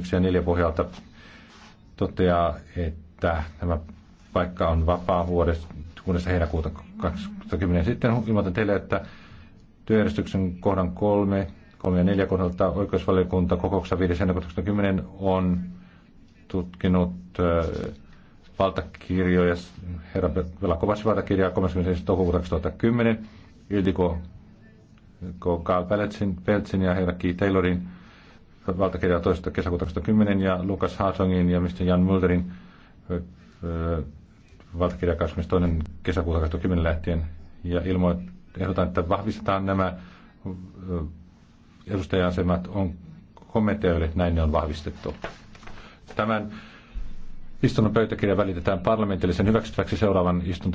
1 ja 4 pohjalta toteaa, että tämä paikka on vapaa vuodesta 6. heinäkuuta 2010. Sitten ilmoitan teille, että työjärjestyksen kohdan 3, 3 ja 4 kohdalta oikeusvaliokunta kokouksessa 5. heinäkuuta 2010 on tutkinut äh, valtakirjoja, herra Kovasi valtakirjaa 31. toukokuuta 2010, Ildiko Kalpeletsin, Peltsin ja herra Key Taylorin valtakirjaa toista kesäkuuta 2010 ja Lukas Hartongin ja Mr. Jan Mulderin valtakirja 22. kesäkuuta 2010 lähtien ja ilmoit, ehdotan, että vahvistetaan nämä edustajansemat asemat on kommenteille, näin ne on vahvistettu. Tämän istunnon pöytäkirja välitetään parlamentille sen hyväksyttäväksi seuraavan istunto